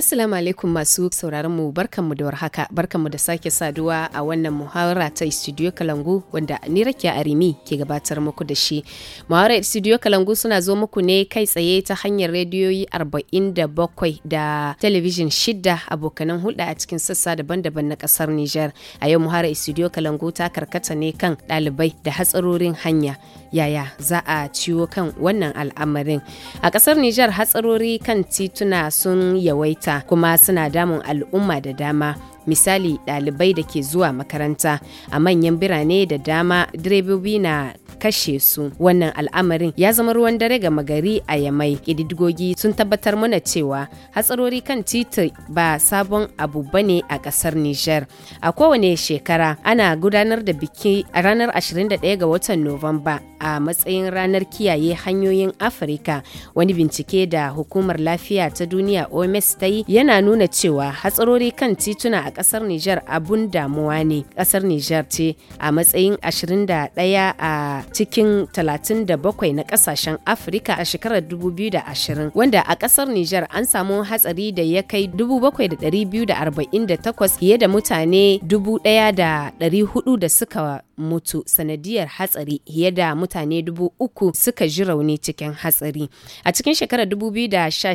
Assalamu alaikum masu sauraron mu barkanmu da warhaka barkanmu da sake saduwa a wannan muhawara ta Studio Kalangu wanda ni Rakiya Arimi ke gabatar muku da shi. Muhawara Studio Kalangu suna zo muku ne kai tsaye ta hanyar rediyoyi 47 da talabijin 6 abokanan hulɗa a cikin sassa daban-daban na ƙasar niger A yau muhawara Studio Kalangu ta karkata ne kan ɗalibai da hatsarorin hanya. yaya za a ciwo kan wannan al'amarin a ƙasar nijar hatsarori kan tituna sun yawaita kuma suna damun al'umma da dama misali ɗalibai da ke zuwa makaranta a manyan birane da dama direbobi na kashe su wannan al'amarin ya zama ruwan dare ga magari a yamai ƙididdigogi sun tabbatar mana cewa hatsarori kan titi ba sabon abu bane a ƙasar niger a kowane shekara ana gudanar da biki a ranar 21 ga watan nuwamba a matsayin ranar kiyaye hanyoyin afirka wani bincike da hukumar lafiya ta duniya oms ta yi yana nuna cewa hatsarori kan tituna a kasar Nijar abun damuwa ne. Kasar Nijar ce a matsayin 21 a cikin 37 na kasashen Afrika a shekarar 2020 wanda a kasar Nijar an samu hatsari da ya kai 7,248 fiye da mutane 1,400 da suka mutu sanadiyar hatsari fiye da mutane 3,000 suka ji rauni cikin hatsari. A cikin shekarar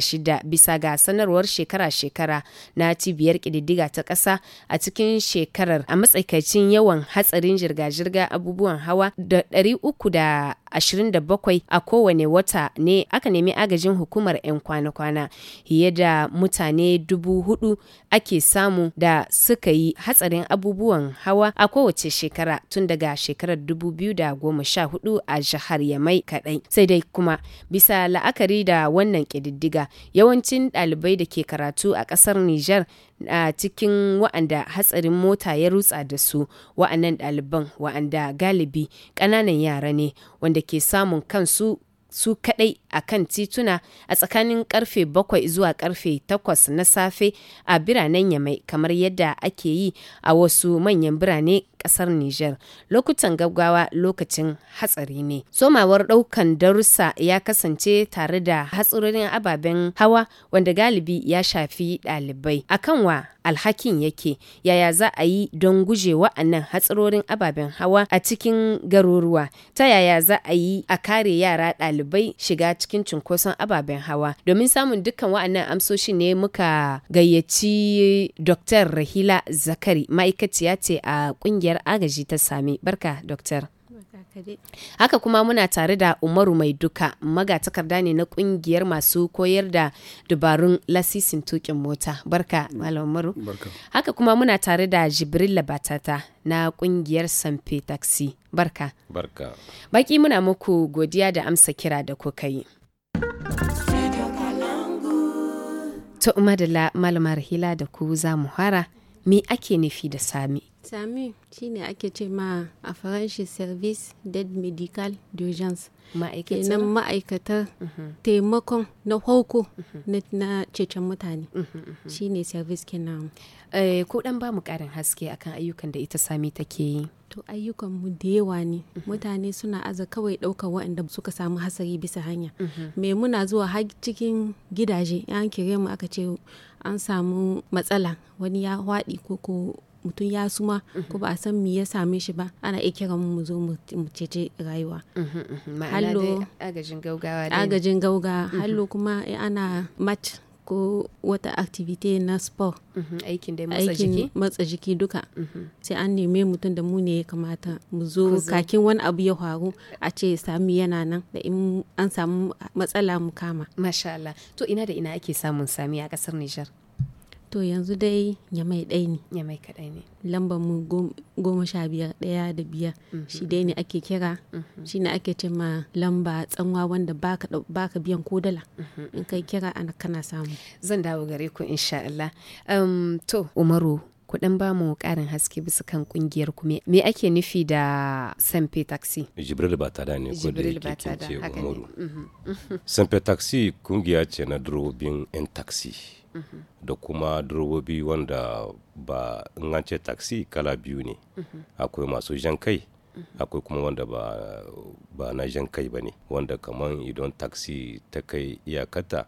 shida bisa ga sanarwar shekara-shekara na cibiyar ƙididdiga ta ƙasa ƙasa a cikin shekarar a matsakaicin yawan hatsarin jirga-jirga abubuwan hawa da 300 27 a kowane wata ne aka nemi agajin hukumar 'yan kwana-kwana fiye da mutane dubu hudu ake samu da suka yi hatsarin abubuwan hawa a kowace shekara tun daga shekarar 2014 a jihar yamai kadai sai dai kuma bisa la'akari da wannan kididdiga yawancin dalibai da ke karatu a kasar niger a cikin wa'anda hatsarin mota ya rutsa da su wa'annan ɗaliban wa'anda galibi ƙananan yara ne wanda ke samun kansu su kadai a kan tituna a tsakanin karfe bakwai zuwa karfe 8 na safe a biranen yamai kamar yadda ake yi a wasu manyan birane ƙasar Nijar. Lokutan gaggawa lokacin hatsari ne. Somawar ɗaukan darussa ya kasance tare da hatsarorin ababen hawa wanda galibi ya shafi ɗalibai. Akan wa alhakin yake yaya za a yi don guje wa'annan hatsarorin ababen hawa a cikin garuruwa ta yaya za a yi a kare yara ɗalibai shiga cikin cunkoson ababen hawa domin samun dukkan wa'annan amsoshi ne muka gayyaci dr rahila zakari ma'aikaciya ce a kungiyar agaji ta sami barka dr Haka kuma muna tare da Umaru Mai Duka, magatakarda ne na kungiyar masu koyar da dubarun lasisin tukin mota. Barka, Malam Umaru. Haka kuma muna tare da Jibril Batata na kungiyar Sanfe Taxi. Barka. Barka. Baki muna muku godiya da amsa kira da kuka yi. da la Malamar Hila da ku za mu hara, me ake nufi da sami? SAMU shine ake ce ma a faranshi service dead medical d'urgence kenan ma'aikatar mhm. taimakon na hauko mhm. na cecen mutane mhm, shine service kenan eh, ko dan ba mu karin haske akan ayyukan da ita sami take yi to ayyukan mu da yawa ne mutane suna aza kawai ɗaukar waɗanda suka samu hasari bisa hanya me muna zuwa har cikin gidaje an kire mu aka ce an samu matsala wani ya haɗi ko ko mutum ya suma mhm. ko ba a san me ya same shi ba ana iya kiran mu zo mu cece rayuwa mhm, mhm. hallo agajin gaugawa agajin gauga hallo kuma ana match ko wata activity na sport aikin da matsa jiki matsa jiki duka sai an neme mutum da mu ne ya kamata mu zo kakin wani abu ya faru a ce sami yana nan da in an samu matsala mu kama masha Allah to ina da ina ake samun sami a kasar Nijar To yanzu dai mai ɗai ne. mai kaɗai ne. Lambar mu goma sha biyar ɗaya da biyar. Mhm. Shi dai ne ake kira. Mhm. Shi ne ake ce ma lamba tsanwa wanda ba ka biyan ko dala. Mhm. In kai kira ana kana samu. Zan dawo gare ku insha Allah. to Umaru kuɗin ba mu ƙarin haske bisa kan ƙungiyar ku me ake nufi da sanfe taxi jibril ba da ne ko da yake kince umaru sanfe taxi kungiya ce na drobin yan taxi da kuma durobobi wanda ba in an ce taxi kala biyu ne akwai masu jan kai akwai kuma wanda ba, ba na jan kai ba ne wanda kamar idan taxi ta kai iyakata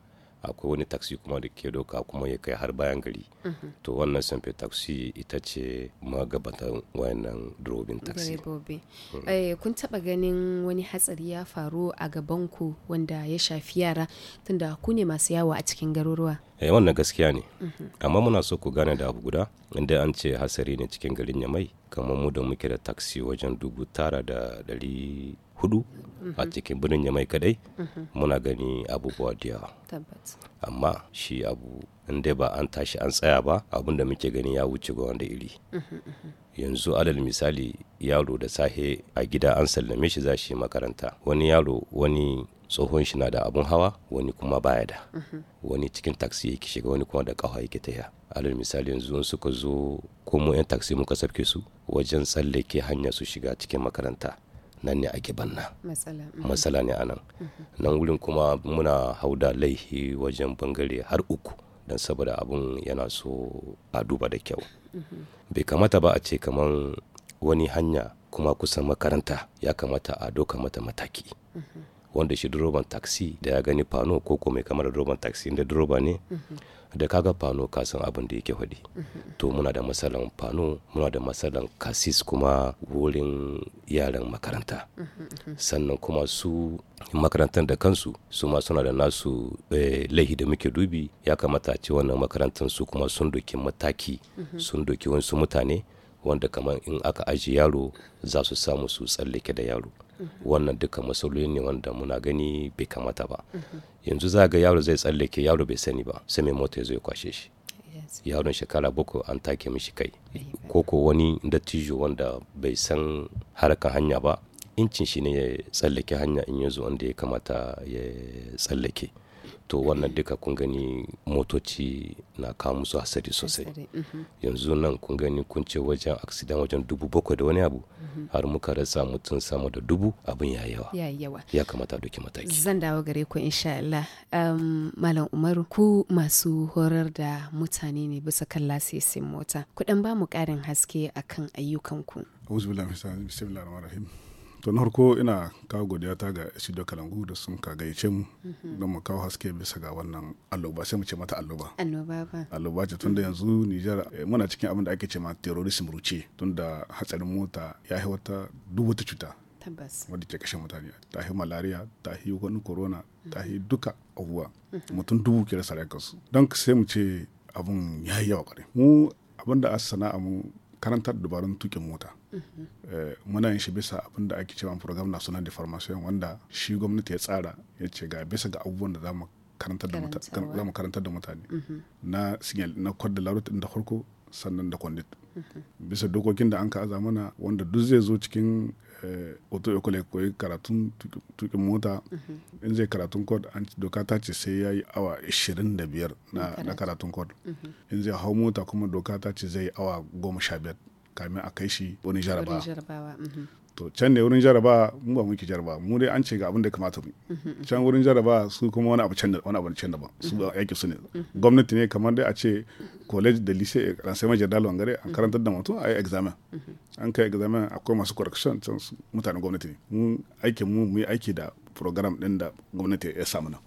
akwai wani taxi kuma da ke doka kuma ya kai har bayan gari mhm. to wannan sanfe taxi ita ce magabatan wayannan drobin taxi hmm. eh, kun taba ganin wani hatsari ya faru a gaban ku wanda ya shafi yara tunda ku ne masu yawa a cikin garuruwa eh wannan gaskiya ne mhm. amma muna so ku gane da abu guda inda an ce hatsari ne cikin garin yamai kamar mu da muke da taxi wajen dubu tara da dari hudu a mhm. cikin birnin ya mai kadai mhm. muna gani abubuwa da yawa amma shi abu inda ba an tashi an tsaya ba Abun da muke gani ya wuce ga wanda iri mhm, yanzu alal misali yaro da sahe a gida an sallame shi za shi makaranta wani yaro wani tsohon shi na da abun hawa wani kuma baya da wani cikin taksi yake shiga wani kuma da kawa yake ta alal misali yanzu in suka zo ko mu yan taksi muka sauke su wajen tsallake hanya su shiga cikin makaranta nan ne ake banna matsala mm. ne anan mm-hmm. nan wurin kuma muna hauda laihi wajen bangare har uku don saboda abun yana so a duba da kyau mm-hmm. bai kamata ba a ce kamar wani hanya kuma kusan makaranta ya kamata a doka mata mataki mm-hmm. wanda shi duroban taksi da ya gani fano ko mai kamar duroban taksi da duroba ne da kaga fano ka san abin da yake faɗi to muna da matsalan fano muna da matsalan kasis kuma wurin yaran makaranta sannan kuma su makarantar da kansu su ma suna da nasu eh, laihi da muke dubi ya kamata ce wannan makarantar su kuma sun doki mataki sun doki wasu mutane wanda kamar in aka aji yaro za su samu su tsallake da yaro wannan duka matsaloli ne wanda muna gani bai kamata ba yanzu za ga yaro zai tsallake yaro bai sani ba sai mai mota ya ya kwashe shi yaron shekara boko an take mishi kai ko ko wani dattijo wanda bai san harkar hanya ba incin shi ne ya tsallake hanya in ya zo wanda ya kamata ya tsallake to wannan duka kun gani motoci na kawo musu hasari sosai mhm. yanzu nan kun gani kun ce wajen accident wajen dubu bakwai da wani abu mhm. har muka rasa mutum sama da dubu abin ya yawa ya kamata doki mataki zan dawo gare ku insha Allah um, malam Umaru ku masu horar da mutane ne bisa kan lasisin mota ku ba mu karin haske akan ayyukan ku to na harko ina kawo godiyata ga studio kalangu da sun ka gayyace mu don mu kawo haske bisa ga wannan alloba sai mu ce mata alloba alloba ce tunda yanzu Nijar eh, muna cikin abin da ake ce ma terrorism ruce tunda hatsarin mota ya yi wata dubu ta cuta wadda ke kashe mutane ta yi malaria ta yi wani corona ta yi duka abubuwa mutum dubu ke rasa kasu. don sai mu ce abin ya yi yawa kwarai mu abin da a sana'a mu karantar dabarun tukin mota eh, muna yin shi bisa abin da ake cewa program national de formation wanda shi gwamnati ya tsara ya ce ga bisa ga abubuwan da za mu karantar da mutane mhm. na signal na kwadda larut da farko sannan da kwandit mhm. bisa dokokin da an ka aza mana wanda duk zai zo cikin Eh, oto ya kula koyi karatun tukin mota in mhm. zai karatun kod doka ta ce sai ya yi awa 25 na karatun kod in mhm. zai hau mota kuma doka ta ce zai awa 15 kamin a kai shi wani jarabawa mhm. to can ne wurin jaraba mu ba muke jaraba mu dai an ce ga abin da kamata mu can wurin jaraba su kuma wani abu can da wani abu can da ba su yaki mhm. su ne gwamnati ne kamar dai a ce college da lycée ran sai majal dalon gare an mhm. karantar da mutum yi examen mhm. an kai examen akwai masu correction can mutanen gwamnati ne mu aikin mu mu yi aiki da program din da gwamnati ya samu nan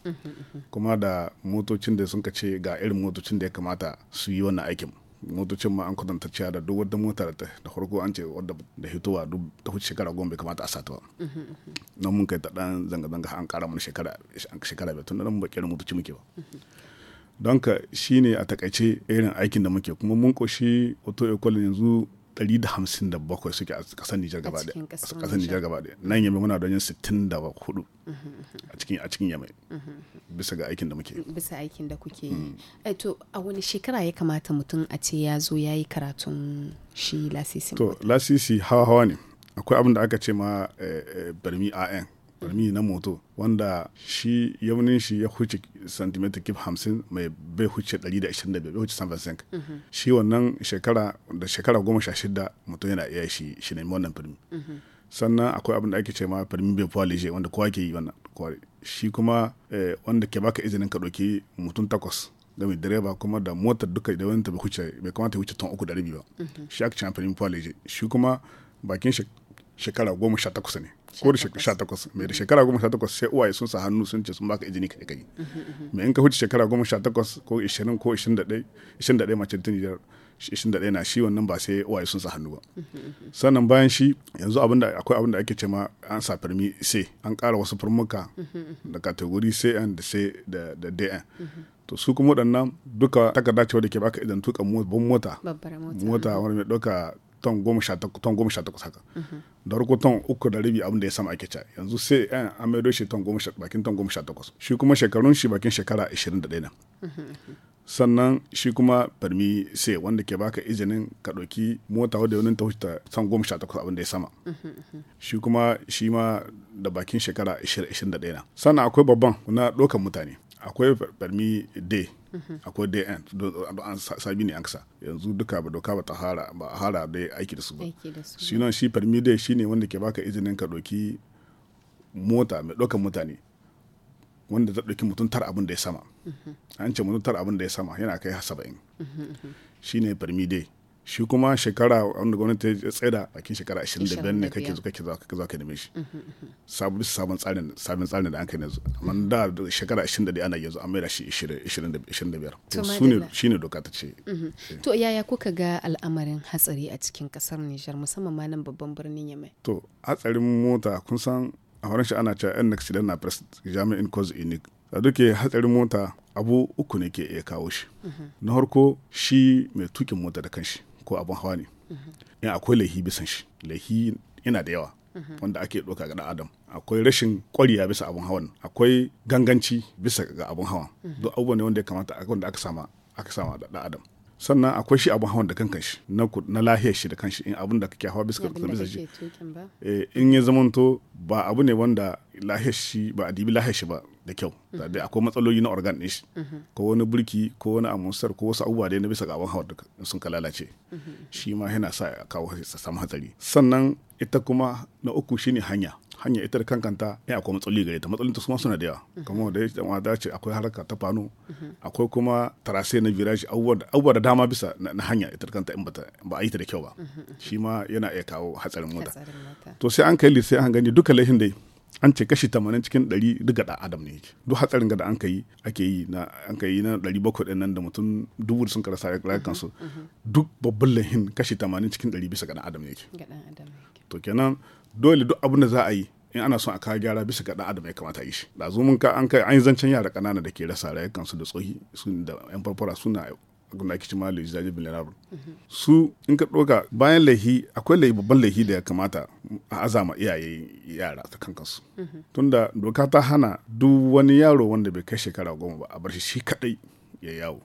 kuma da motocin da sun ka ce ga irin motocin da ya kamata su yi wannan aikin motocin ma an kudanta cewa da duk wadda motar da da farko an ce wadda da hitowa duk ta huce shekara goma bai kamata a sata ba nan mun kai ta dan zanga-zanga an kara mana shekara shekara bai tun nan mun ba kiran motoci muke ba don ka ne a takaice irin aikin da muke kuma mun koshi auto ecole yanzu 157 suke a kasar Nijar gaba daya kasar Nijar gaba daya nan yamai muna da wajen 64 a cikin a cikin yamai bisa ga aikin da muke bisa aikin da kuke mm. eh to a wani shekara ya kamata mutum a ce ya zo ya yi karatun shi lasisi to lasisi hawa hawa ne akwai abin da aka ce ma eh, eh, barmi AN farmi na moto wanda shi yaunin shi ya huce santimeter kif hamsin mai bai huce 125 bai huce 75 shi wannan shekara da shekara goma sha shida mutum yana iya shi shi ne wannan farmi sannan akwai abin da ake ce ma firmi bai fuwa leje wanda kowa ke yi wannan shi kuma eh, wanda ke baka izinin ka ɗauki mutum takwas da direba kuma da motar duka da wani ta bai kamata ya huce ton uku da rabi ba shi ake ce firmi fuwa leje shi kuma bakin shi shekara goma sha takwas ne ko da sha takwas mai da shekara goma sha takwas sai uwaye sun sa hannu sun ce sun baka izini kai kai mm-hmm, mm-hmm. mai in ka huce shekara goma sha takwas ko ishirin ko ishirin da ɗaya ishirin da ɗaya mace tun jiyar ishirin da ɗaya na shi wannan ba sai uwaye sun sa hannu ba mm-hmm, sannan bayan shi yanzu abinda akwai abinda ake ce ma an sa firmi sai an ƙara wasu firmuka da kategori sai an da sai da dn to su kuma waɗannan duka takarda ce da ke baka idan tuka babban mota mota wani mai ɗauka ton goma sha takwas haka da rako ton uku da rabi abin da ya sama ake ca yanzu sai eh, an amedo shi ton goma sha bakin ton goma sha takwas shi kuma shekarun shi bakin shekara ashirin da ɗaya nan sannan shi kuma farmi sai wanda ke baka izinin ka ɗauki mota wadda wani ta wuce ton goma sha takwas abin da ya sama shi kuma shi ma da bakin shekara ashirin da ɗaya nan sannan akwai babban na ɗaukan mutane akwai farmi dai akwai day end an sabi ne an kasa yanzu duka ba doka ba ta hara ba hara dai aiki da su ba shi nan shi permi dai ne wanda ke baka izinin ka doki mota mai ɗaukan mutane wanda ta ɗauki mutum tar abin da ya sama mhm. an ce mutum tar abin da ya sama yana kai saba'in mhm, mhm. shine permi dai shi kuma shekara wanda gwamnati ta tsada kin shekara 25 ne kake zuwa kake zuwa ka neme shi sabon sabon tsarin sabon tsarin da an kai yanzu amma da shekara 21 ana yanzu an da shi 25 to su shine doka ta ce eh. to yaya kuka ga al'amarin hatsari a cikin kasar Nijar musamman ma nan babban birnin Yamai to hatsarin mota kun san a wurin shi ana cewa an accident na press jami'in cause unique da duke hatsarin mota abu uku ne ke iya kawo shi na harko shi mai tukin mota da kanshi ko abin hawa ne in akwai laihi bisan shi laihi yana da yawa wanda ake ɗauka ga adam akwai rashin ƙwariya bisa abin hawan akwai ganganci bisa ga abun hawa duk abubuwan ne wanda ya kamata wanda aka sama aka sama da adam sannan akwai shi abin hawan da kan kanshi na lahiyar shi da kanshi in abin da kake hawa bisa ka bisa shi eh, in ya zamanto ba abu ne wanda lahiyar shi ba a dibi lahiyar shi ba da kyau da akwai matsaloli na organ din shi ko wani burki ko wani amusar ko wasu abubuwa dai na bisa ga abin hawan da sun ka lalace shi ma yana sa kawo samu hatsari sannan ita kuma na uku shine hanya hanya ita da kankanta ya eh, akwai matsaloli gare ta matsalolin ta suna da yawa kamar da yake ma dace akwai harka ta fano akwai kuma tarase na viraji abubuwa da dama bisa na hanya ita da kanta in ba a yi ta da kyau ba shi ma yana iya kawo hatsarin mota to sai an kai sai an gani duka laifin dai an ce kashi 80 cikin 100 duka da adam ne yake duk hatsarin ga da an kai ake yi na an kai na 700 din nan da mutum dubu sun karasa rayukan su duk babban lahin kashi 80 cikin 100 bisa ga adam ne yake to kenan dole duk abin da za a yi in ana son a kawo gyara bisa ga adam ya kamata yi shi da zo ka an kai an yi zancen yara kanana da ke rasa rayukan su da tsohi su da yan farfara suna kici ake cewa laifi zaje lalabar su in ka doka bayan laihi akwai laihi babban laihi da ya kamata a azama iyaye yara ta kan kansu tunda doka ta hana duk wani yaro wanda bai kai shekara goma ba a bar shi shi kadai ya yawo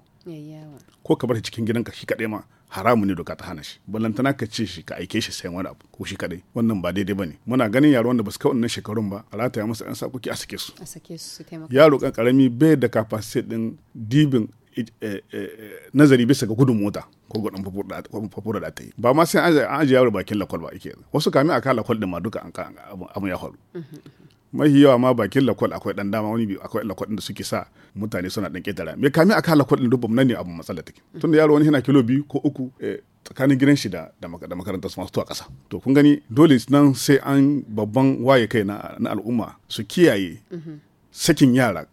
ko ka bar shi cikin gidanka shi kaɗai ma haramu ne doka ta hana shi ballantana ka ce shi ka aike shi sayan wani abu ko shi kaɗai. wannan ba daidai bane muna ganin yaro wanda basu kai wannan shekarun ba a rataya masa yan sakoki a sake su a sake su yaro kan karami bai da capacity din dibin eh, eh, eh, nazari bisa ga gudun mota ko gudun fafura da ta yi ba ma sai an yaro bakin lakwal ba ake wasu kamin a kan lakwal din ma duka an ya faru mm-hmm, mm-hmm. mahi yawa ma bakin lakwal akwai dan dama wani biyu akwai lakwal da suke sa mutane suna dan ketara me kame aka lakwal din dubban nan ne abu matsala take mm. tunda yaro wani yana kilo biyu ko uku eh, tsakanin gidan shi da da makarantar su masu a ƙasa to kun gani dole nan sai an babban waye kai na al'umma su kiyaye mm-hmm. sakin yara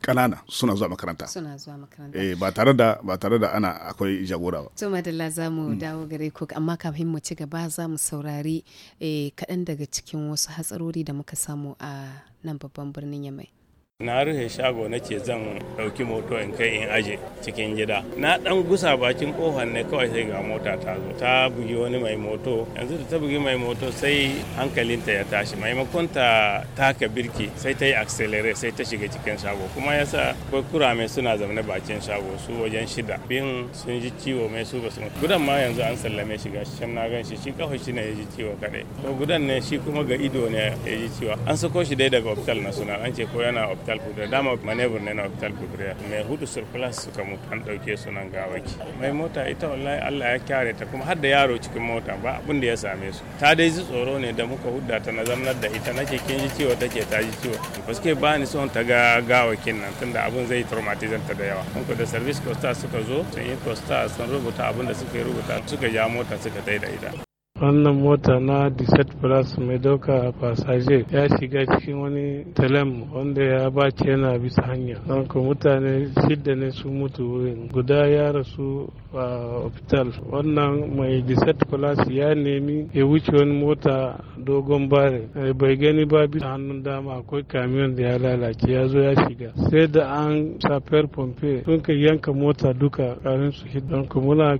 kanana suna zuwa makaranta suna zuwa makaranta eh ba tare da ba tare da ana akwai jagora ba to madalla zamu mm. dawo gare ku amma kafin mu ci gaba za mu saurari eh kaɗan daga cikin wasu hatsarori da muka samu a nan babban birnin yamai na rufe shago na zan ɗauki moto in kai in aje cikin gida na ɗan gusa bakin ƙofar ne kawai sai ga mota ta zo ta bugi wani mai moto yanzu da ta bugi mai moto sai hankalinta ya tashi maimakon ta taka birki sai ta yi accelerate sai ta shiga cikin shago kuma yasa akwai kurame suna zaune bakin shago su wajen shida Bin sun ji ciwo mai su ba su gudan ma yanzu an sallame shi ga can na gan shi shi kawai shi ne ya ji ciwo kaɗai to gudan ne shi kuma ga ido ne ya ji ciwo an sako shi dai daga hospital na suna an ce ko yana hospital kudura dama manevur ne na hospital kudura mai hudu surplus suka mutu an dauke su nan gawaki mai mota ita wallahi Allah ya kyare ta kuma har da yaro cikin mota ba abin da ya same su ta dai ji tsoro ne da muka hudda ta nazarnar da ita nake kin ji ciwo take ta ji ciwo ba ba ni son ta ga gawakin nan tunda abun zai traumatize ta da yawa muka da service costa suka zo sun yi costa sun rubuta abin da suka rubuta suka ja mota suka tai da ita wannan mota na desert plus mai dauka passager. ya shiga cikin wani telem wanda ya bace yana bisa hanya don mutane shidda ne su mutu wurin guda ya rasu a hospital wannan mai desert plus ya nemi ya wuce wani mota dogon bare eh, bai gani ba bisa hannun dama akwai kamiyon da ya lalace ya zo ya shiga sai da an safiyar pompe sun ka yanka mota duka karin su hidon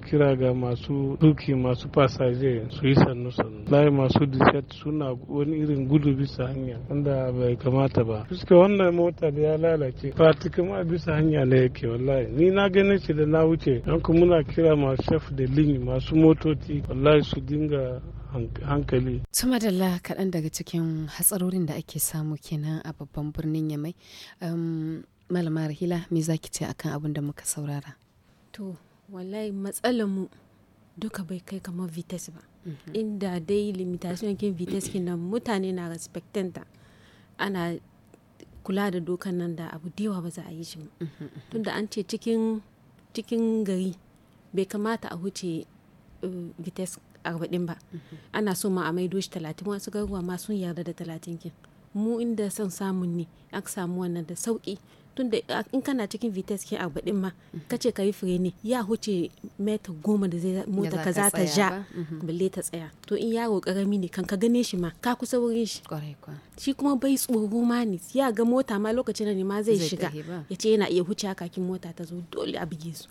kira ga masu duki masu passager su ku sannu sannu layi masu dishet suna wani irin gudu bisa hanya wanda bai kamata ba fuska wannan mota da ya lalace pratikin bisa hanya ne yake wallahi ni na gane shi da na wuce don ku muna kira masu chef da lin masu motoci wallahi su dinga hankali. da la kaɗan daga cikin hatsarorin da ake samu kenan a babban birnin Yamai. Malama Rahila, me za ki ce akan abin da muka saurara? To, wallahi mu duka bai kai kamar vites ba. Mm-hmm. inda dai limitation kin vitesse kin nan mutane na respectin ana kula da dokan nan da abu da ba za a yi shi ba mm-hmm. tunda an ce cikin gari bai kamata a huce uh, vitesse arba'in ba mm-hmm. ana so ma a maido shi talatin wasu garuwa ma sun yarda da talatin kin mu inda son samun ne an samu wannan da sauki tunda in kana cikin vitesse ke a baɗin ma kace ka yi freni ya huce meta goma da zai mota ka za ta ja mhm. balle ta tsaya to in yaro karami ne kan ka gane shi ma ka kusa wurin shi shi kuma bai tsoro ma ne ya ga mota ma lokacin da ne ma zai shiga ya ce yana iya huce kakin mota ta zo dole a bige su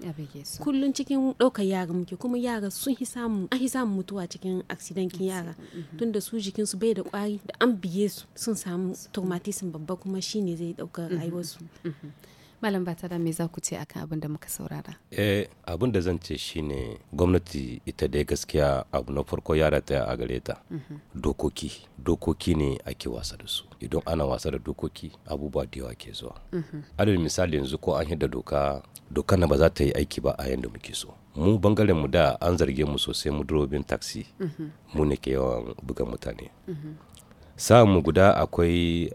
kullun cikin ɗaukar yara muke kuma yara sun hi samu an hi samu mutuwa cikin aksidankin yara mhm. tunda su jikin su bai da kwari da an bige su sun samu traumatism babba kuma shine zai ɗaukar mhm, rayuwarsu Mhm. Malam Batara me za ku ce akan abin da muka saurara? Eh abin da zan ce shine gwamnati ita dai gaskiya abu na farko ya ta a gare ta. Mhm. Dokoki, dokoki ne ake wasa da su. Idan ana wasa da dokoki abubuwa da yawa ke zuwa. Mhm. adadin misali yanzu ko an yadda doka doka na ba za ta yi aiki ba a yanda muke so. Mu bangaren mu da an zarge mu sosai mu durobin taxi. Mu ne ke yawan buga mutane. sa mu guda akwai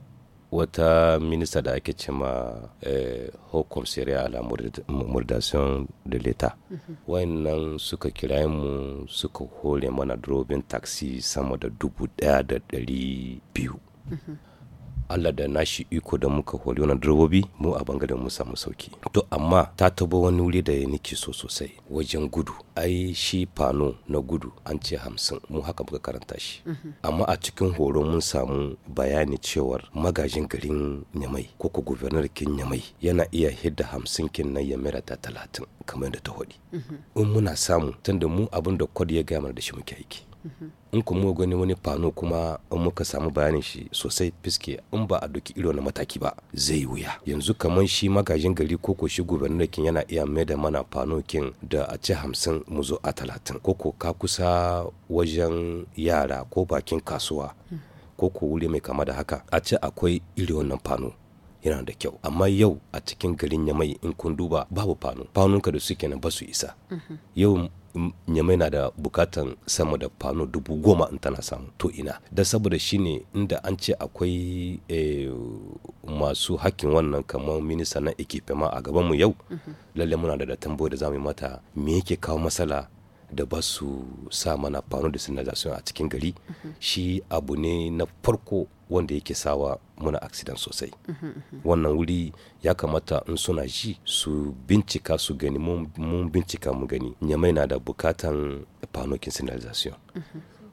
wata minista da ake cema eh, hukum a la murdation de mhm. wayannan suka kira mu suka hore mana drobin taxi sama da dubu daya da dari biyu mhm. Allah da nashi iko da muka hori wannan direbobi mu a bangaren mu samu sauki to amma ta tabo wani wuri da ya niki so sosai wajen gudu ai shi fano na gudu an ce hamsin mu haka muka karanta shi amma a cikin horon mun samu bayani cewar magajin garin nyamai ko ko gubernar kin nyamai yana iya hidda hamsin kin na ta talatin kamar da ta hodi mhm. in muna samu tunda mu abin da kwad ya gaya mana da shi muke aiki Mhm. in kuma mu gani wani fano kuma in muka samu bayanin shi sosai fiske in ba a doki irin na mataki ba zai wuya yanzu kamar shi magajin gari ko ko shi kin yana iya mai da mana fano kin da a ce hamsin mu zo a talatin ko ko ka kusa wajen yara ko bakin kasuwa mhm. ko ko wuri mai kama da haka a ce akwai irin wannan fano yana da kyau amma yau a cikin garin ya mai in kun duba babu fano fanunka da suke na ba su isa mhm. yau nyamai na da bukatan sama da fano dubu goma in tana samu to ina da saboda shine inda an ce akwai e, masu hakkin wannan kamar minista na ma a gabanmu yau mhm. lalle muna da tambayoyi da zamu mata me yake kawo matsala da ba su sa mana fano da a cikin gari shi abu ne na farko wanda yake sawa muna accident sosai wannan wuri ya kamata in suna ji su bincika su gani mun bincika mu gani nyamai na da bukatan fanokin sinadasyon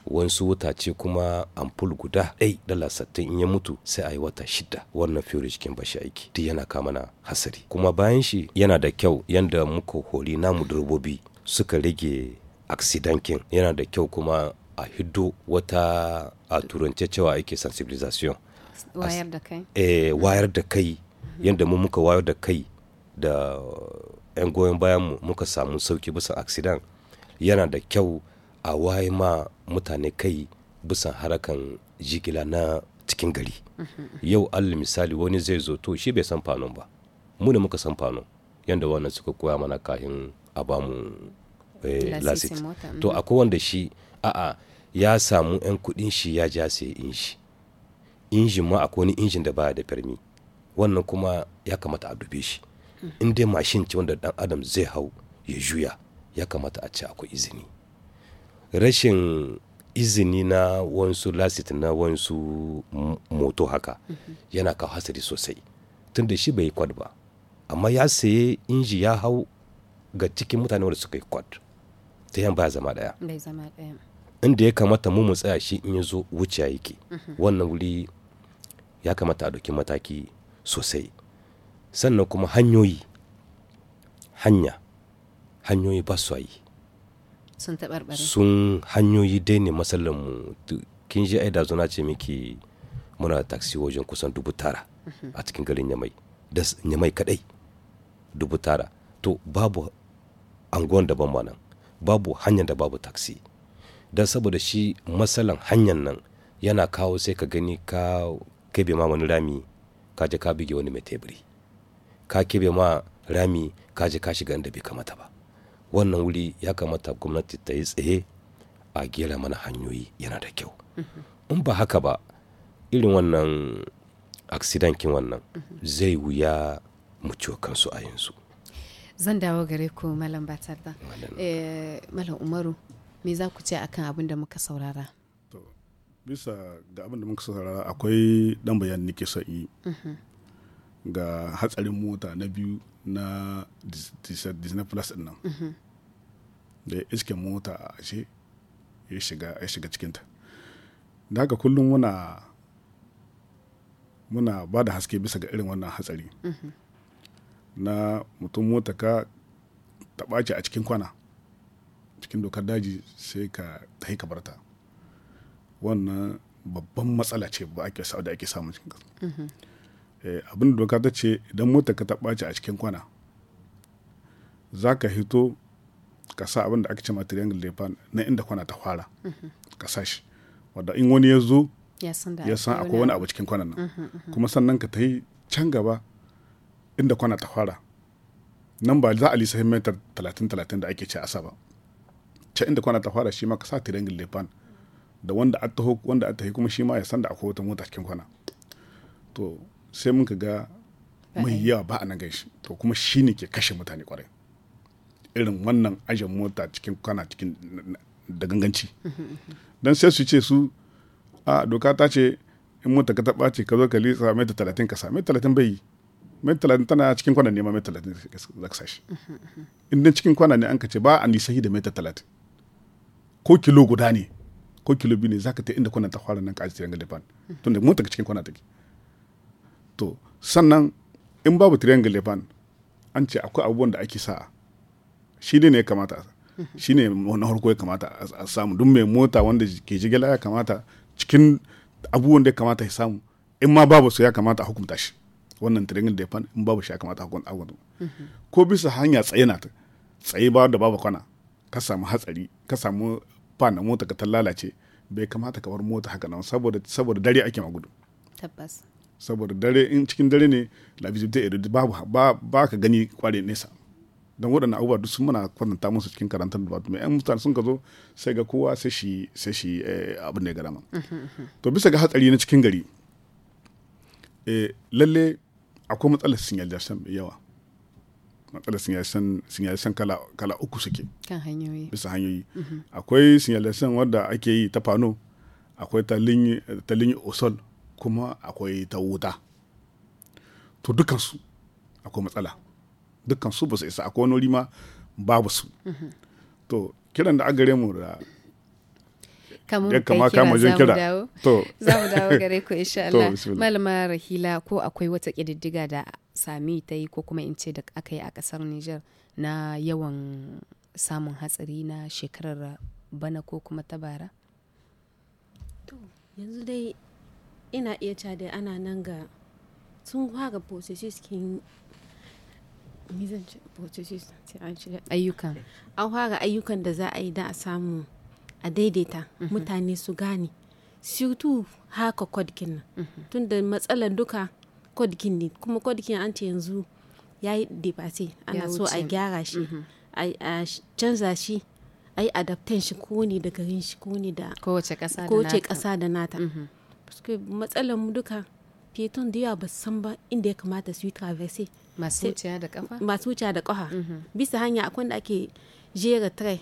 wasu wutace kuma ampul guda ɗai dala sattin in ya mutu sai a yi wata shida wannan fiori cikin bashi aiki duk yana kama na hasari kuma bayan shi yana da kyau yanda muka hori namu durbobi suka rage accidentin yana da kyau kuma a hiddo wata a turance cewa ake sensibilisation wayar da kai eh wayar da kai mhm. yadda mu muka wayar da kai da 'yan goyon bayan mu muka samu sauki bisa accident yana da kyau a waye ma mutane kai bisa harakan jigila na cikin gari mhm. yau al misali wani zai zo to shi bai san fanon ba mu ne muka san fanon yadda wannan suka koya mana kahin a bamu Eh, lasit to mm. a kowanda shi a'a ya samu 'yan kudin shi ya ja sai inji injin ma akwai wani injin da baya da farmi wannan kuma ya kamata a dube shi mm. in dai mashin ce wanda dan adam zai hau ya juya ya kamata a ce akwai izini rashin izini na wansu lasit na wansu moto haka mm-hmm. yana kawo hasari sosai tun da shi bai yi kwad ba amma ya saye inji ya hau ga cikin mutane wanda suka yi kwad ta yan ba zama ɗaya inda ya kamata mu mu tsaya shi in ya zo wuce yake mhm. wannan wuri ya kamata a ɗauki mataki sosai sannan kuma hanyoyi hanya hanyoyi ba su yi sun taɓarɓare sun hanyoyi dai ne mu kin ji ai da zuna ce miki muna da taksi wajen kusan dubu tara mhm. a cikin garin nyamai da nyamai kadai dubu tara to babu anguwan daban ma nan babu hanyar da babu taksi don saboda shi matsalan hanyar nan yana kawo sai ka gani ka kebe ma wani rami ka je ka bige wani mai teburi ka kebe ma rami ka je ka shiga inda bai kamata ba wannan wuri ya kamata gwamnati ta yi tsaye a gera mana hanyoyi yana da kyau mm-hmm. in ba haka ba irin wannan aksidankin wannan mm-hmm. zai wuya mu kansu a yanzu zan dawo gare ku malam batar da eh, malam umaru me za ku ce akan abin da muka saurara bisa ga abin da muka saurara akwai dan bayan nike sa'i mhm. ga hatsarin mota na biyu na disney plus din nan mhm. da iske mota a ashe ya shiga cikinta da haka kullum muna muna ba da haske bisa ga irin wannan hatsari mhm. na mutum mota ka ta ɓaci a cikin kwana cikin dokar daji sai ka ta ka barta wannan babban matsala ce ba ake da ake samun cikin mm-hmm. eh, abin da ta ce idan mota ka ta ɓaci a cikin kwana za ka hito ka sa abin da ake ce material lepan na inda kwana ta fara mm-hmm. ka sa shi wadda in wani ya zo ya san akwai wani abu cikin kwanan nan mm-hmm, kuma sannan ka ta yi can gaba inda kwana ta fara nan ba za a lisa himmetar 30-30 da ake ce asa ba ce inda kwana ta fara shi ma kasa sa lefan da wanda a taho wanda a tahi kuma shi ma ya san da akwai wata mota cikin kwana to sai mun ka ga mai yawa ba a nan shi to kuma shi ne ke kashe mutane kwarai irin wannan ajin mota cikin kwana cikin da ganganci mm-hmm. don sai su ce su a doka ta ce in mota ka taɓa ce ka zo ka lisa mai ta talatin ka same talatin bai yi mai talatin tana cikin kwanan ne ma mai talatin za ka sashi cikin kwanan ne an ka ce ba a sahi da mai talatin ko kilo guda ne ko kilo biyu ne zaka ta inda kwanan ta fara nan ka ajiye triangle fan tun da mota cikin kwanan take to sannan in babu triangle fan an ce akwai abubuwan da ake sa'a shi ne ne kamata shi ne na harko ya kamata a samu duk mai mota wanda ke jigila ya kamata cikin abubuwan da ya kamata ya samu in ma babu su ya kamata a hukunta shi wannan triangle da fan in babu shi ya kamata a ko bisa hanya tsaye na ta tsaye ba da babu kwana ka samu hatsari ka samu fana mota ka ta lalace bai kamata ka bar mota haka nan saboda saboda dare ake magudu tabbas saboda dare in cikin dare ne la visibility erode babu ba ka gani kware nesa dan waɗannan abubuwa duk sun muna kwatanta musu cikin karantar da batu mai yan mutane sun ka zo sai ga kowa sai shi sai shi eh, abin da ya gara mhm, mhm. to bisa ga hatsari na cikin gari eh, lalle akwai matsalar sinyalization mai yawa matsalar sinyalization kala, kala uku suke kan hanyoyi bisa hanyoyi mm -hmm. akwai sinyalization wadda ake yi ta fano akwai ta linyi osol kuma akwai ta wuta to dukansu akwai matsala dukansu ba su isa akwai wani ma babu su mm -hmm. to kiran da agare mu da kamar kama kama je kira to za mu dawo gare ku insha Allah malama rahila ko akwai wata kididdiga da sami ta yi ko kuma in ce da aka yi a kasar Nijar na yawan samun hatsari na shekarar bana ko kuma ta bara to yanzu dai ina iya ca da ana nan ga sun fara processes kin ayyukan an fara ayyukan da za a yi da a samu a daidaita mhm. mutane su gane siutu haka kodkin nan mhm. tun da matsalar duka kodkin ne kuma kodkin an ce yanzu ya yi debate ana so a gyara shi mhm. a canza shi a yi adaptan shi ko ne da garin shi ko ne da kowace ƙasa da nata matsalar mu duka feton da yawa ba san ba inda ya kamata su yi traverse masu wuciya da kafa bisa hanya akwai da ake jera tray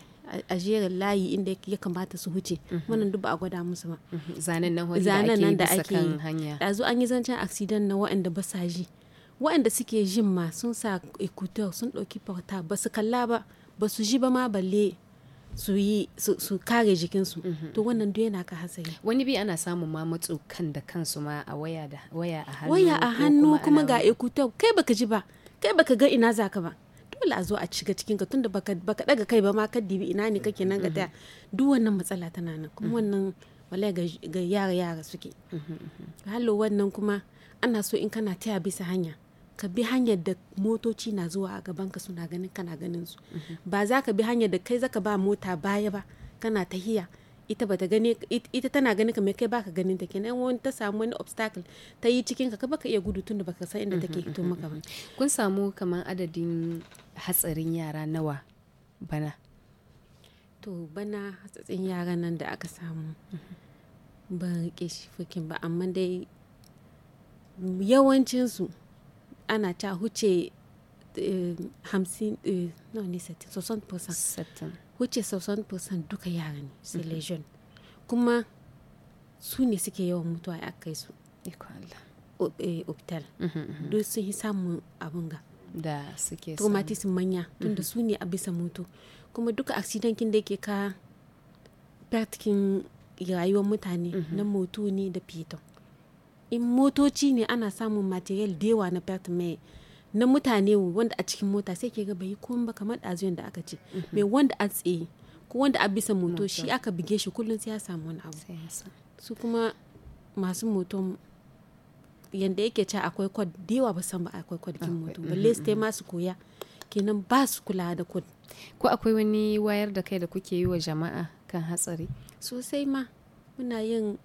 a jerin layi inda ya kamata su huce mhm. wannan duk ba a gwada musu ba mhm. zanen nan da ake yi ɗazu an yi zancen aksidan na waɗanda ba sa ji waɗanda suke jin ma sun sa ikutar sun ɗauki fauta ba su kalla ba ba su ji ba ma balle su yi su kare jikinsu mhm. to wannan duk yana ka hasari wani bi ana samun ma matsu kan da kansu ma a waya da waya a hannu waya a hannu kuma ga ikutar kai baka ji ba kai baka ga ina zaka ba dole a zo a shiga cikin ka tunda baka daga kai ba ma ka dibi ina ne kake nan ga taya duk wannan matsala tana nan kuma mm-hmm. wannan wallahi ga yara yara suke mm-hmm, mm-hmm. hallo wannan kuma ana so in kana taya bisa hanya ka bi hanyar da motoci na zuwa a gaban ka suna ganin kana ganin su ba za ka bi hanyar da kai zaka ba mota baya ba kana tahiya ita bata gane ita tana ganin kamar kai baka ganin ta kenan wani ta samu wani obstacle ta yi cikin ka baka iya gudu tunda baka san inda take hito mm-hmm, maka ba mm-hmm. kun samu kamar adadin hatsarin yara nawa bana to bana hatsarin yara nan da aka samu mm-hmm. ba rike shi fukin ba amma dai yawancinsu ana ta huce 50 eh, eh, no ne 60 wuce 60% duka yara ne su lesion kuma su ne suke yawan mutuwa a kai su opital eh, mm-hmm, mm-hmm. don sun yi samun abin ga da suke traumatism manya tunda mm-hmm. su ne a bisa mutu kuma duka accidentin da yake ka practicing rayuwar mutane na moto ne da piton in motoci ne ana samun material dewa na pet mai na mutane wanda a cikin mota sai ke ga bai komai ba kamar ɗazu yadda aka ce mai mhm. wanda a tsaye ko wanda a bisa moto shi aka bige shi kullum sai ya samu wani abu su kuma masu moto yadda yake ca akwai kod da ba san ba akwai kod kin moto balle su ma mhm, mhm. masu koya kenan ba su kula da kod ko akwai wani wayar da kai da kuke yi wa jama'a kan hatsari sosai ma muna yin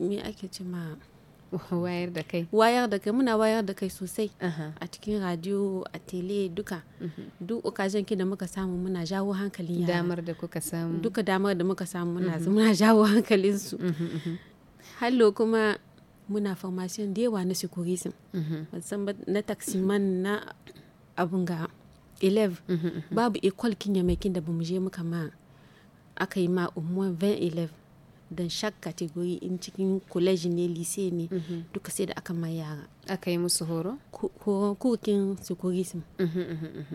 me ake ce ma wayar da kai wayar da kai muna wayar da kai sosai a cikin radio a tele duka mhm. duk occasion ki da muka samu muna jawo hankalin yara damar da kuka samu duka damar da muka samu muna mhm. muna jawo hankalin su mhm, hallo kuma muna formation da yawa na securism musamman na taximan na abun ga 11 babu ecole kinya mai kin da bamu je muka ma aka yi ma umuwan 11 dan shak category in cikin college ne lise ne mhm. duka sai da aka ma yara aka yi musu horo horon kurkin securism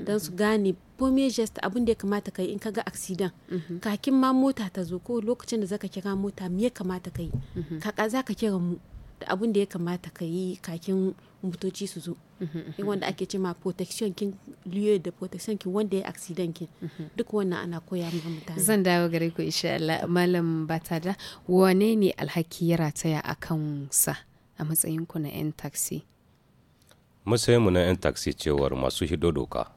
don su gane premier gest abin da ya kamata kai in kaga accident mhm. kakin ma mota ta zo ko lokacin da zaka kira mota me ya kamata kai mhm. kaka zaka kira mu da da ya kamata ka yi kakin motoci su zo mhm, wanda mhm. ake cema protection kin lieu da protection kin wanda ya accident kin mhm. duk wannan ana koya ma mutane zan dawo gare ku insha Allah malam batada wane ne alhaki ya rataya akan sa a matsayin ku na yan taxi matsayin mu na yan taxi cewar masu hido doka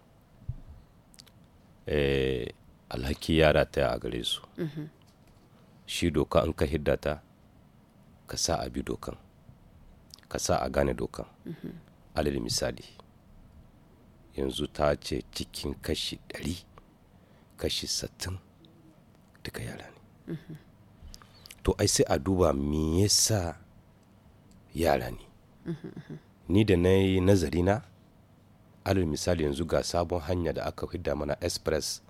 eh alhaki ya rataya a gare su shi doka an ka hiddata ka sa abi dokan ka sa a gane dokan alal misali yanzu ta ce cikin kashi ɗari kashi sattin duka yara ne to ai sai a duba me yasa yara ne ni da na yi nazari na alal misali yanzu ga sabon hanya da aka hidda mana express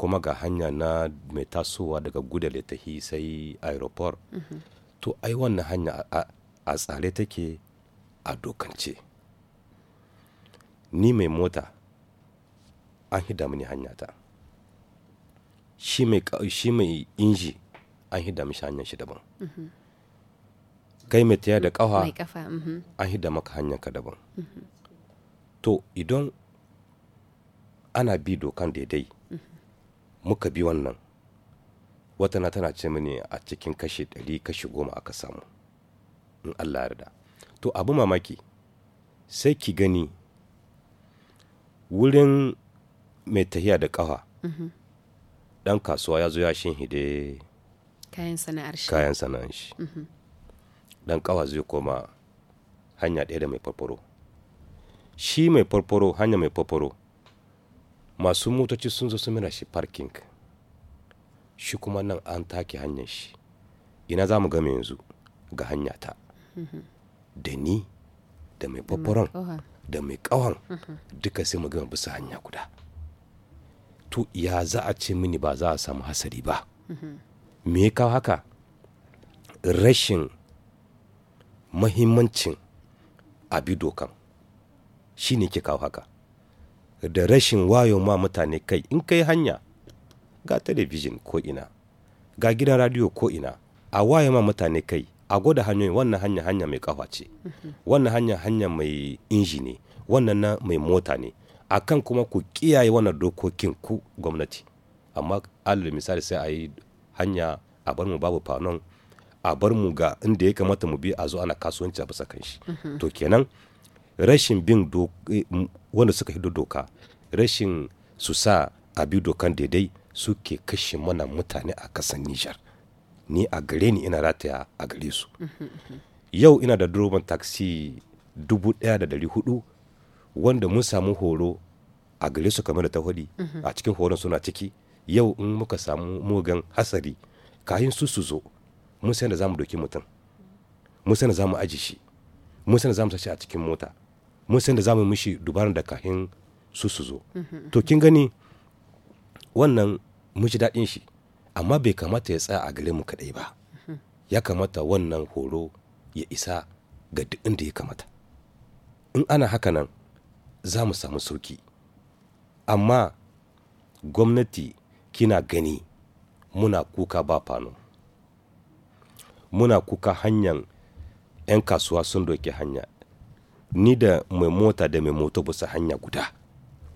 kuma ga hanya na mai tasowa daga gudale ta sai aeroport to ai wannan hanya a tsare take a dokance ni mai mota an hida mini hanyata shi mai shi mai inji an hida mishi hanyar shi daban mhm. kai mai taya da kafa mhm. an hida maka hanyar ka daban mhm. to idan ana bi dokan daidai muka bi wannan watana tana ce mini a cikin kashi 100 kashi goma aka samu in Allah rida to abu mamaki sai ki gani wurin mai tahiya da kawa mhm. ɗan kasuwa ya zo ya shin hide kayan sana'ar shi kayan sana'ar shi mhm. ɗan kawa zai koma hanya ɗaya da mai farfaro shi mai farfaro hanya mai farfaro masu motoci sun zo su mina shi parking shi kuma nan an take hanyar shi ina za mu game yanzu ga hanya ta Mhm. da ni da mai fafaron da mai kawan mhm. duka sai mu gama bisa hanya guda to ya za a ce mini ba za a samu hasari ba mhm. me ya kawo haka rashin mahimmancin abi dokan shi ke kawo haka da rashin wayo ma mutane kai in kai hanya ga talabijin ko ina ga gidan radiyo ko ina a waye ma mutane kai a gwada hanyoyin wannan hanya hanya mai kafa ce wannan hanya hanya mai inji ne wannan na mai mota ne a kan kuma ku kiyaye wannan dokokin ku gwamnati amma alal misali sai a yi hanya a bar mu babu fanon a bar mu ga inda ya kamata mu bi a zo ana kasuwanci a bisa kan to kenan rashin bin wanda suka hido doka rashin su sa a bi dokan daidai suke kashe mana mutane a kasan Nijar. ni a gare ni ina rataya a gare su yau ina da duroban taksi dubu da dari hudu wanda mun samu horo a gare su kamar da ta hudi a cikin horon suna ciki yau in muka samu mugan hasari kayan su su zo mun san da za mu doki mutum mun san da za mu aji shi mun san da za mu sashi a cikin mota mun san da za mu mishi dubaran da kayan su su zo to kin gani wannan mun ji daɗin shi amma bai kamata ya tsaya a gare mu kaɗai ba ya kamata wannan horo ya isa ga duk inda ya kamata in ana haka nan za mu samu sauki amma gwamnati kina gani muna kuka ba fano muna kuka hanyar 'yan kasuwa sun doke hanya ni da mai mota da mai moto bisa hanya guda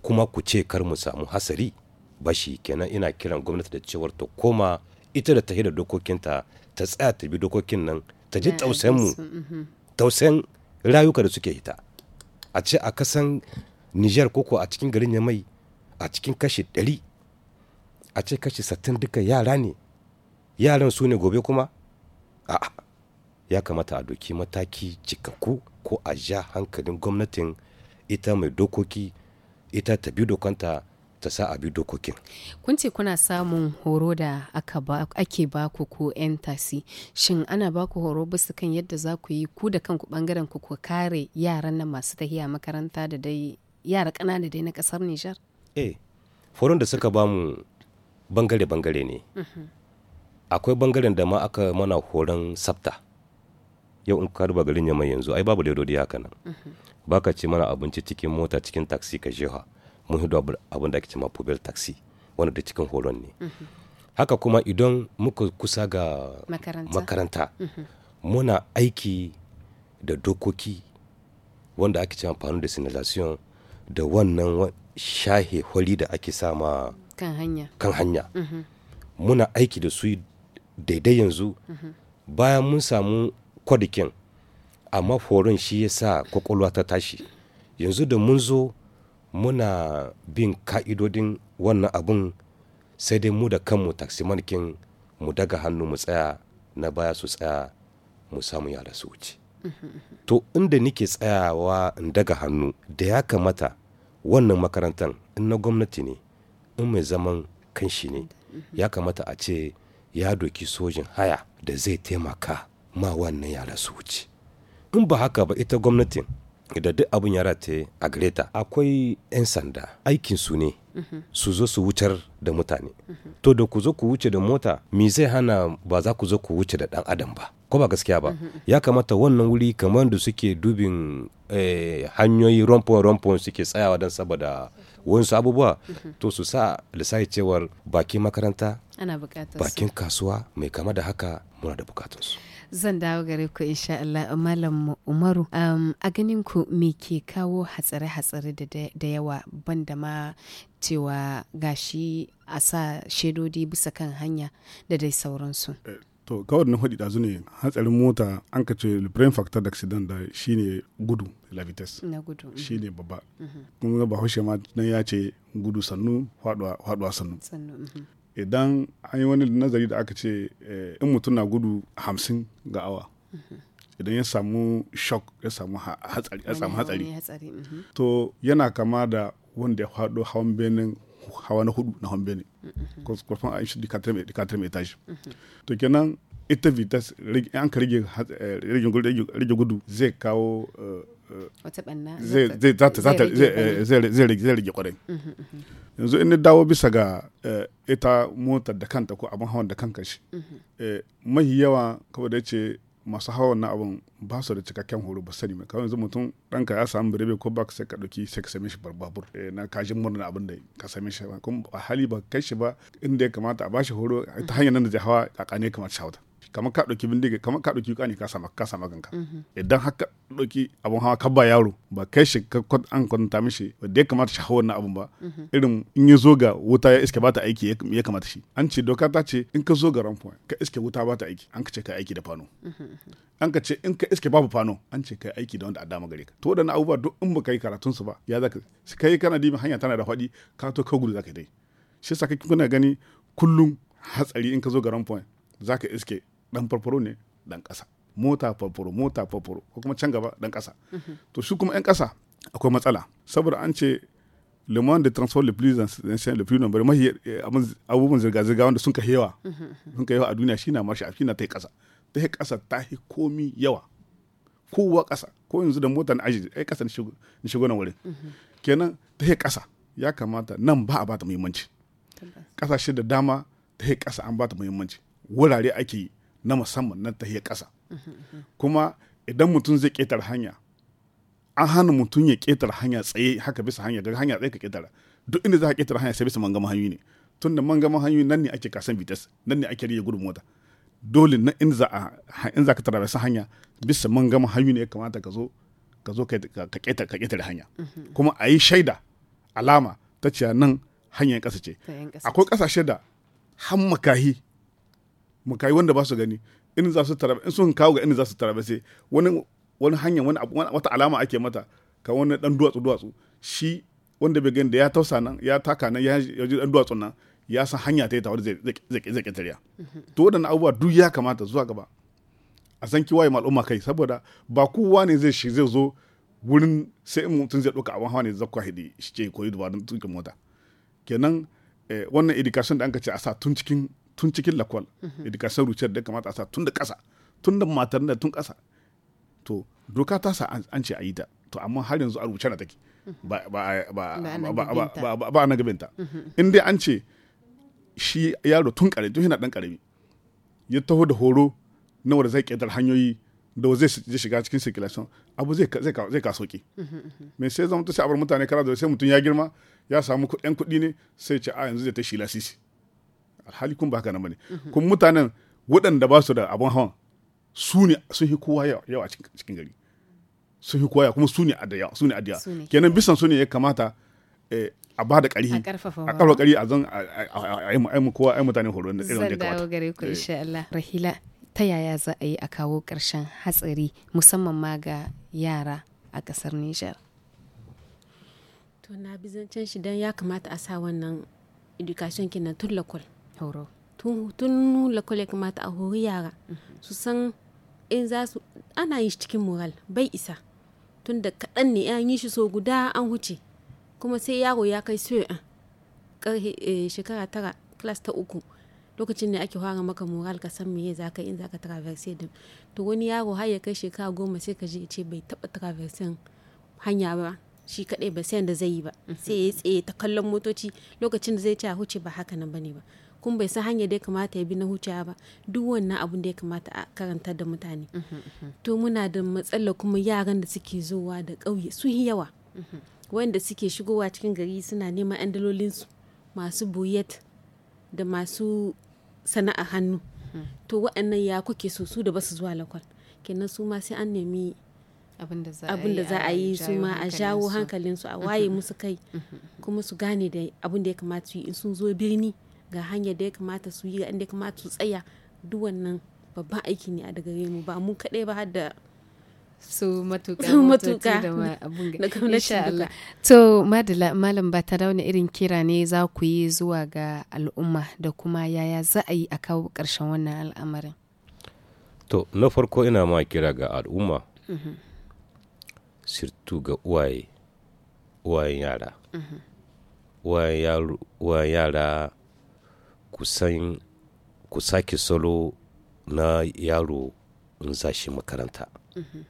kuma ku ce kar mu samu hasari bashi kenan ina kiran gwamnati da cewar ta koma ita da ta da dokokinta ta tsaya ta bi dokokin nan ta ji tausayin mu mhm. tausayin rayuka da suke hita a ce a kasan niger koko a cikin garin ya mai a cikin kashi ɗari a ce kashi satin duka yara ne yaran su ne gobe kuma a'a ya kamata a doki mataki cikakku ko a ja hankalin gwamnatin ita mai dokoki ita ta bi dokanta ta sa abi dokokin. Kun ce kuna samun horo da ake baku ko 'yan tasi. Shin ana baku horo bisa kan yadda za ku yi ku da kanku bangaren ku ku kare yaran nan masu tahiya makaranta da dai yara ƙanana dai na kasar Nijar? Eh, horon da suka bamu bangare-bangare ne. Mhm. Akwai bangaren da ma aka mana horon sabta. Yau in ka duba garin yamma yanzu ai babu da haka nan. Mhm. Baka ce mana abinci cikin mota cikin taksi ka jeha. mun hudu abin da ake cewa pobel taxi wanda da cikin horon ne haka kuma idan muka kusa ga makaranta mhm. muna aiki da dokoki wanda ake cewa amfani da signalization da wannan shahe holi da ake sama kan hanya kan hanya mhm. muna aiki da su daidai yanzu mhm. bayan mun samu kwadikin amma horon shi ya sa kwakwalwa ta tashi yanzu da mun zo muna bin ka'idodin wannan abun sai dai mu da kanmu taksimankin mu daga hannu mu tsaya na baya su tsaya mu samu yara su wuce to inda nike tsayawa in daga hannu da ya kamata wannan makarantar in na gwamnati ne in mai zaman kanshi ne ya kamata a ce ya doki sojin haya da zai taimaka ma wannan yara su wuce in ba haka ba ita gwamnatin da duk abin ya rataye a gare ta akwai 'yan sanda aikin su ne su zo su wucar da mutane to da ku zo ku wuce da mota me zai hana ba za ku zo ku wuce da dan adam ba ko ba gaskiya ba ya kamata wannan wuri kamar da suke dubin eh, hanyoyi rompon rompon suke tsayawa don saboda wasu abubuwa to su sa lissafi cewar bakin makaranta bakin kasuwa mai kama da haka muna da bukatunsu zan dawo gare ku insha Allah malam Umaru um, a ganin ku me ke kawo hatsare-hatsare da yawa banda ma cewa gashi a sa shedodi bisa kan hanya da dai sauransu. Eh, to kawai na hudu ɗazu ne hatsarin mota an ka ce brain factor accident da shine gudu la vitesse na gudu mm-hmm. shine babba mm-hmm. kuma ba hushe ma nan ya ce gudu sannu faduwa sannu mm-hmm. idan an yi wani nazari da aka ce eh, in mutum na gudu hamsin ga awa idan ya samu shock ya samu hatsari mhm. to yana kama da wanda ya faɗo hawan benin hawa na hudu na hawan benin kurfan a inshi dikatar mai tashi mm-hmm. to kenan ita vitas an ka eh, rage gudu zai kawo eh, zai kwarai yanzu in dawo bisa ga eh, ita motar da kanta ko abin hawan da kanka shi mm-hmm. eh, mahi yawa kawai da ce masu hawan na abin ba su da cikakken horo ba sani mai kawai yanzu mutum ɗanka ya samu birebe ko ba sai ka ɗauki sai ka same shi barbabur eh, na kajin murna abin da ka same shi ba kuma hali ba kai shi ba inda ya kamata a ba shi horo ta hanyar nan da zai hawa kakane kamar shawata kamar ka ɗauki bindiga kamar ka ɗauki ne ka sama ka sama mhm. idan haka ɗauki abun hawa ka ba yaro ba kai shi ka an kwanta mishi da ya kamata shi hawa na abun ba mhm. irin in ya zo ga wuta ya iske bata aiki ya kamata shi an ce doka ta ce in ka zo ga point ka iske wuta bata aiki an ka ce ka aiki da fano mhm, an ka ce in ka iske babu fano an ce ka aiki da wanda a dama gare ka to waɗannan abubuwa duk in ba ka yi karatun su ba ya ka kai kana dimi hanya tana da faɗi ka to ka gudu zaka dai shi yasa kuna gani kullum hatsari in ka zo ga ran za ka iske dan farfaro ne dan ƙasa mota farfaro mota farfaro ko kuma can gaba dan ƙasa mhm. to shi kuma 'yan ƙasa akwai matsala saboda an ce le monde de transport le plus ancien le plus nombreux mahi eh, abubuwan zirga-zirga wanda sun ka yawa mhm. sun ka yawa a duniya shi na marshi a na ta yi ƙasa ta yi ƙasa ta yi komi yawa kowa ƙasa ko yanzu da mota na ajiye ai ƙasa na shigo nan wurin mhm. kenan ta yi ƙasa ya kamata nan ba a bata muhimmanci ƙasashe da dama ta yi ƙasa an bata muhimmanci wurare ake yi na musamman na tahiyar ƙasa kuma idan mutum zai ƙetare hanya an hana mutum ya ƙetare hanya tsaye haka bisa hanya daga hanya tsaye ka ƙetare duk inda za ka ƙetare hanya sai bisa mangama hanyoyi ne tun da mangama hanyoyi nan ne ake kasan bitas nan ne ake rage gudun mota dole na in za ka tarabasa hanya bisa mangama hanyoyi ne ya kamata ka zo ka zo ka ƙetare hanya kuma a yi shaida alama ta cewa nan hanyar ƙasa ce akwai ƙasashe da har makahi makayi wanda ba su gani in za su tarabe in sun kawo ga in za su tarabe sai wani wani hanya wani wata alama ake mata ka wani dan duwatsu duwatsu shi wanda bai gani da ya tausa nan ya taka nan ya ji dan duwatsun nan ya san hanya ta ita ta zai zai zai mhm. to waɗannan abubuwa duk ya kamata zuwa gaba a san kiwaye al'umma kai saboda ba kowa ne zai shi zai zo wurin sai in mutum zai ɗauka abin hawa ne zakwa hidi shi ce koyi dubarun tukin mota kenan eh, wannan education da an ka ce a sa tun cikin tun cikin lakwal mhm. education ruciyar da kamata a sa tun da ƙasa tun da matar da tun ƙasa to doka ta sa an ce a yi ta to amma har yanzu a rubuce na take mhm. ba na gabinta mhm. in dai an ce shi yaro tun ƙarami tun yana ɗan ƙarami ya taho da horo na wanda zai ƙetar hanyoyi da zai shiga cikin circulation abu zai ka sauki mai sai zama ta sai abar mutane kara da sai mutum ya girma ya samu kuɗin kuɗi ne sai ce a yanzu zai ta shi lasisi alhali kun ba haka nan bane kun mutanen waɗanda ba su da abin hawan su ne sun fi kowa yawa cikin gari sun fi kowa yawa kuma su ne adaya su ne adaya kenan bisan su ne ya kamata eh, a ba da ƙarfi a ƙarfafa ƙari a zan a yi kowa a yi mutane horo da irin da ya kamata. gare ku eh. insha Allah. Rahila ta yaya za a yi a kawo ƙarshen hatsari musamman ma ga yara a ƙasar Nijar? To na bizancin shi dan ya kamata a sa wannan education kenan tullakul horo tun lakwale kamata a hori yara mhm. su san in za su ana yin shi cikin moral bai isa tun da kaɗan ne an yi shi so guda an huce kuma sai yaro ya kai so a eh, eh, shekara tara class ta uku lokacin ne ake fara maka moral ka san meye za ka in za ka traverse din to wani yaro har ya kai shekara goma sai ka je ce bai taba traverse hanya ba shi kaɗai ba sai da zai yi ba mhm. sai ya tsaye ta kallon motoci lokacin da zai ci a huce ba haka nan bane ba kun bai san hanyar da ya kamata ya bi na hucewa ba duk wannan abun da ya kamata a karanta da mutane to muna da matsala kuma yaran da suke zowa da ƙauye sun yi yawa wanda suke shigowa cikin gari suna neman yan dalolinsu masu buyet da masu sana'a hannu to waɗannan ya kuke so su da basu zuwa lakwal kenan su ma sai an nemi abin da za a yi su ma a jawo hankalinsu a waye musu kai kuma su gane da abin da ya kamata su yi in sun zo birni ga hanyar da ya kamata su yi ga inda ya kamata su tsaya duk wannan babban aiki ne a daga mu ba mu kaɗai ba har da su matuka matuka da abun insha Allah to madala malam ba ta dauna irin kira ne za ku yi zuwa ga al'umma da kuma yaya za a yi a kawo ƙarshen wannan al'amarin to na farko ina ma kira ga al'umma mhm. sirtu ga uwaye uwayen yara mhm. uwayen yara kusan ku sake salo na yaro in zashi makaranta mm-hmm.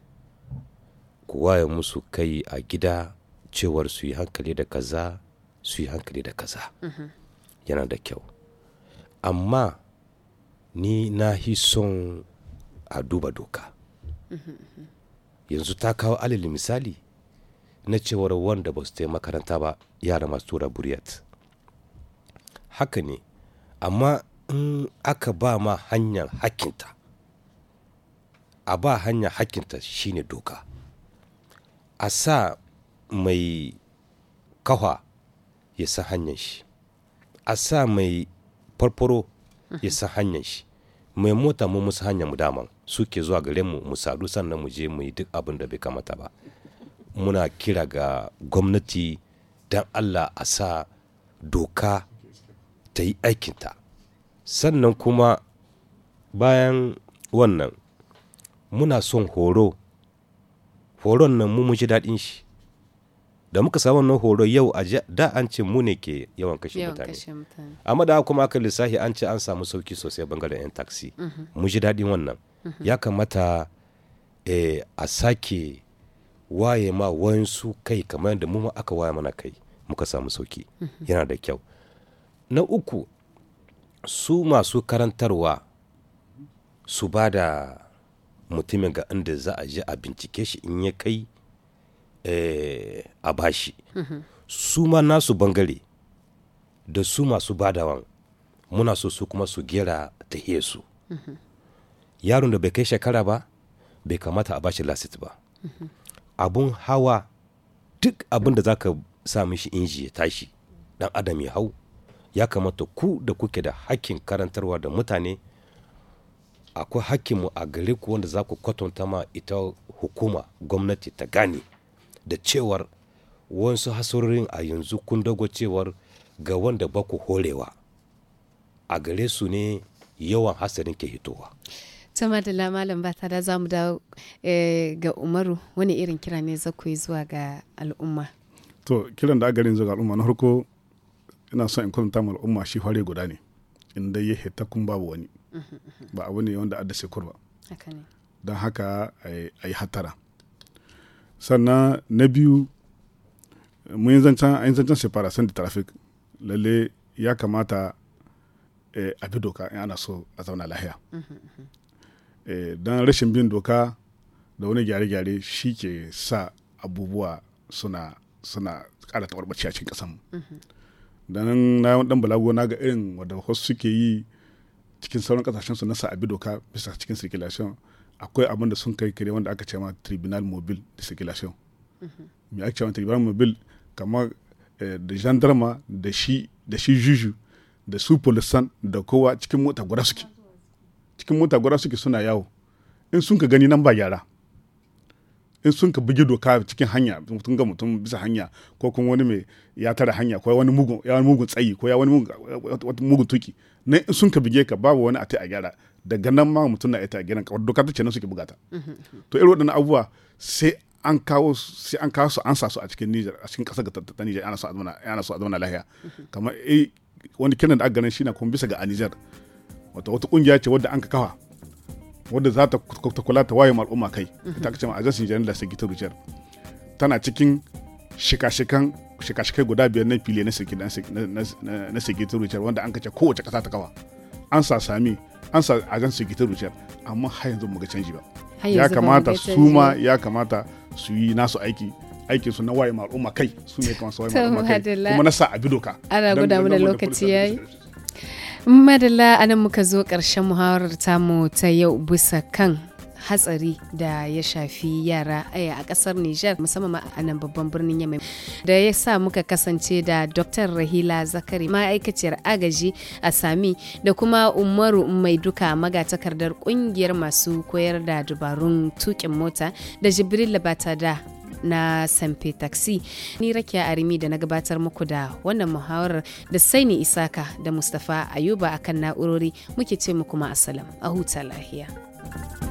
ku waye musu kai a gida cewar su yi hankali da kaza su yi hankali da kaza mm-hmm. yana da kyau amma ni na hison a duba doka mm-hmm. yanzu ta kawo alil misali na cewar wanda ba su makaranta ba yara masu tura buriyat haka ne Amma in aka ba ma hanyar hakinta, a ba hanyar hakinta shine doka. A sa mai kafa ya san hanyar shi, a sa mai farfaro ya san hanyar shi, mai mota mu musu hanyar mu daman suke zuwa gare mu mu sadu sannan mu je mu yi duk abin da bai kamata ba. Muna kira ga gwamnati don Allah a sa doka ta yi aikinta sannan kuma bayan wannan muna son horo horon nan mu ji daɗin shi da muka samu wannan horo yau a da an ce mu ne ke yawan kashe mutane amma da kuma aka lissafi an ce an samu sauki sosai bangaren 'yan taxi mhm. mu ji daɗin wannan mhm. ya kamata eh, a sake waye ma wayansu kai kamar yadda mu aka waye mana kai muka samu sauki mhm. yana da kyau na uku su masu karantarwa su ba da mutumin ga inda za a je a bincike shi in ya kai eh, a bashi su ma nasu bangare da su masu badawan muna so su kuma su gera ta su yaron da bai kai shekara ba bai kamata a bashi lasit ba abun hawa duk abin da za ka sa mishi inji ya tashi dan adam ya hau ya kamata ku da kuke da hakkin karantarwa da mutane akwai hakkinmu a gare ku wanda za ku kwatanta ma ita hukuma gwamnati ta gane da cewar wasu hasarorin a yanzu kun dago cewar ga wanda ba ku horewa a gare su ne yawan hasarin ke hitowa sama da malam ba da za mu dawo eh, ga umaru wani irin kira ne za ku yi zuwa ga al'umma to kiran da agarin zuwa ga al'umma na farko ina son in kwatanta ma al'umma shi fare guda ne in dai ya hita kun babu wani ba abu ne wanda adda sekur ba don haka a yi hatara sannan na biyu mun yi zancen an yi zancen separation lalle ya kamata eh, a bi doka in ana so a zauna lahiya eh, don rashin bin doka da wani gyare-gyare shi ke sa abubuwa suna suna ƙara taɓarɓaci a cikin ƙasanmu nan na dan balago na ga irin wadda wasu suke yi cikin sauran kasashen su na sa abi doka bisa cikin circulation akwai abin da sun kai kare wanda aka ce ma tribunal mobile de circulation mhm. me ake cewa tribunal mobile kamar eh, da gendarma da shi da shi juju da su polisan da kowa cikin mota guda suke cikin mota guda suke suna yawo in sun ka gani nan ba gyara in sun ka bugi doka cikin hanya mutum ga mutum bisa hanya ko kuma wani mai ya tara hanya ko wani mugun ya wani mugun tsayi ko ya wani mugun tuki na in sun ka bige ka babu wani a ta a gyara daga nan ma mutum na ita a gidan kawai doka ta ce nan suke bugata to irin waɗannan abubuwa sai an kawo sai an kawo su an sa su a cikin Niger a cikin ƙasar ta Niger ana so a ana so a lahiya kamar eh wani kiran da aka ganin shi na kuma bisa ga a Niger wato wata kungiya ce wadda an ka kafa wadda za ta kula ta wayo al'umma kai mhm. ta kace ma ajasin janar da ta rujar tana cikin shika-shikan shika-shikai guda biyar na fili na ta rujar wanda an kace kowace kasa ta kawa an sa sami an sa ajan ta rujar amma har yanzu mu ga canji ba ya kamata su ma ya kamata su yi nasu aiki aikin su na wayo al'umma kai su ne kamar su waye al'umma kai kuma na sa a doka. ana guda mana lokaci yayi madalla anan muka zo ƙarshen muhawarar tamu ta yau bisa kan hatsari da ya shafi yara Aya eh, a ƙasar Nijar musamman a nan babban birnin Yamai da ya sa muka kasance da Dr. Rahila Zakari ma'aikaciyar agaji a Sami da kuma Umaru Mai Duka magatakardar ƙungiyar masu koyar da dubarun tukin mota da Jibril Labata da na Sanfe Taxi. Ni Rakiya Arimi da na gabatar muku da wannan muhawarar da Saini Isaka da Mustapha Ayuba akan na'urori muke ce muku ma a huta lahiya.